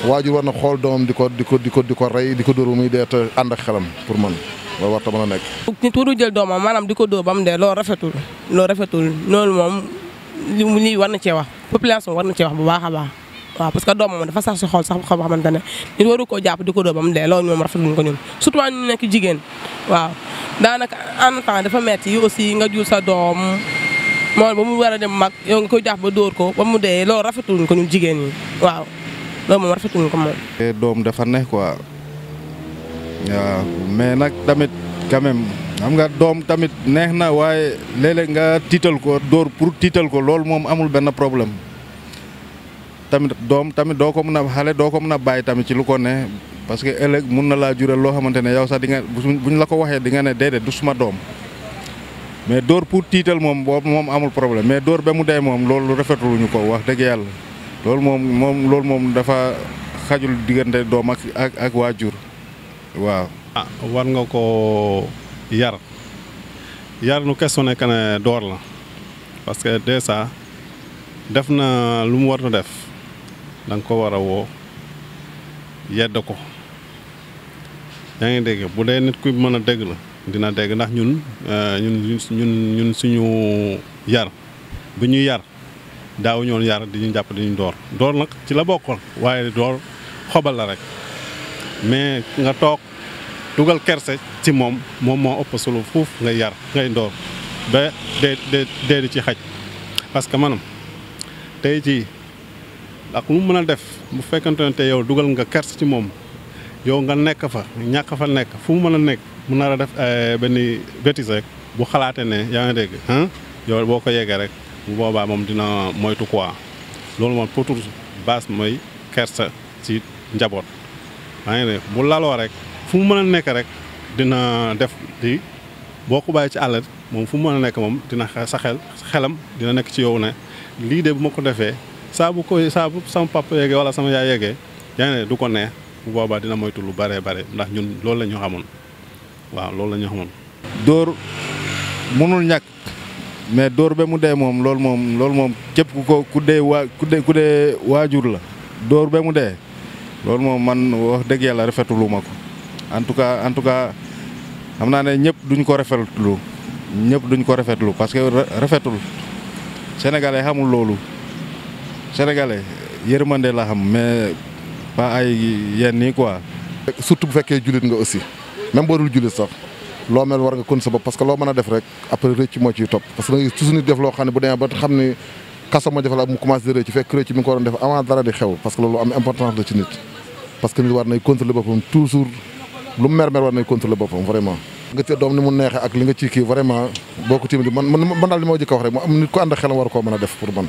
waajur war na xool doom di ko di ko di ko di ko rey di ko dóor ba muy dee pour man loolu war ta mën a nekk. nit warul jël doomam maanaam di ko dóor ba mu dee loolu rafetul loolu rafetul loolu moom li lii war na cee wax population war na cee wax bu baax a baax waaw parce que doomam dafa sax si xool sax xam xamante ne nit waru koo ko dóor ba mu dee loolu moom rafetul ko ñun surtout jigéen waaw daanaka en temps dafa metti yi aussi nga jur sa doom moom ba mu war a dem mag yow nga koy jàpp ba dóor ko ba mu dee loolu rafetul ko ñun jigéen ñi waaw. loolu moom rafetuñu ko moom. Eh, doom dafa neex quoi waaw mais nag tamit quand même xam nga doom tamit neex na waaye léeg nga tiital ko dóor pour tiital ko loolu moom amul benn problème tamit doom tamit doo ko mën a xale doo ko mun a bàyyi tamit ci lu ko ne parce que ëllëg mun na laa jural loo xamante ne yow sax di nga buñ la ko waxee di nga ne déedéet du suma doom. mais dóor pour tiital moom boobu moom amul problème mais dóor ba mu dee moom loolu rafetlu ñu ko wax dëgg yàlla. Lol mom mom lol mom dafa xajul digënde doom ak ak ak waajur waaw. Ah, war nga ko yar yar nu kesso nek na door la parce que déjà def na lu mu war na def dang ko wara wo yedd ko da ngi dégg bu dee nit ku mën a dégg la dina dégg ndax ñun eh, ñun ñun ñun suñu yar bu ñu yar. daaw ñoon yar di ñu jàpp di ñu door door nag ci la bokk waaye door xobal la rek mais nga toog dugal kerse ci moom moom moo ëpp solo fuuf nga yar ngay door ba dee dee ci xaj parce que maanaam tey ji ak lu mën a def bu fekkante ne te yow dugal nga kerse ci moom yow nga nekk fa ñàkk fa nekk fu mu mën a nekk mu nar a def eh, benn bêtise rek bu xalaatee ne yaa ngi dégg yow boo ko yeggee rek bu boobaa moom dina moytu quoi loolu moom pour baas mooy kersa ci njaboot maa ngi ne bu laloo rek fu mu mën a nekk rek dina def di boo ko bàyyi ci àll moom fu mu mën a nekk moom dina sa xel xelam dina nekk ci yow ne lii de bu ma ko defee saa bu ko saa bu sama papa yeggee wala sama yaay yeggee yaa du ko neex bu boobaa dina moytu lu baree bare ndax ñun loolu la ñu xamoon waaw loolu la ñu xamoon. dóor mënul ñàkk. mais dóor be mu dee moom loolu moom loolu moom képp ku ko ku dee waa ku dee ku dee waajur la dóor ba mu dee loolu moom man wax dëgg yàlla rafetulu ma ko en tout cas en tout cas xam naa ne ñëpp duñ ko rafetlu ñëpp duñ ko rafetlu parce que rafetul sénégalais xamul loolu sénégalais yërmande la xam mais pas ay yenn yi quoi. surtout bu fekkee jullit nga aussi même boo dul jullit sax. loo mel war nga kon sa bopp parce que loo mën a def rek après rëcc moo ciy topp parce que toujours nit def loo xam ne bu mu commencé di rëcc fekk rëcc mi ngi ko neexee ak li nga ci kii vraiment boo ko tiim di man man daal li ma jëkk a wax rek mu am nit ko ànd xelam war koo mën a def pour man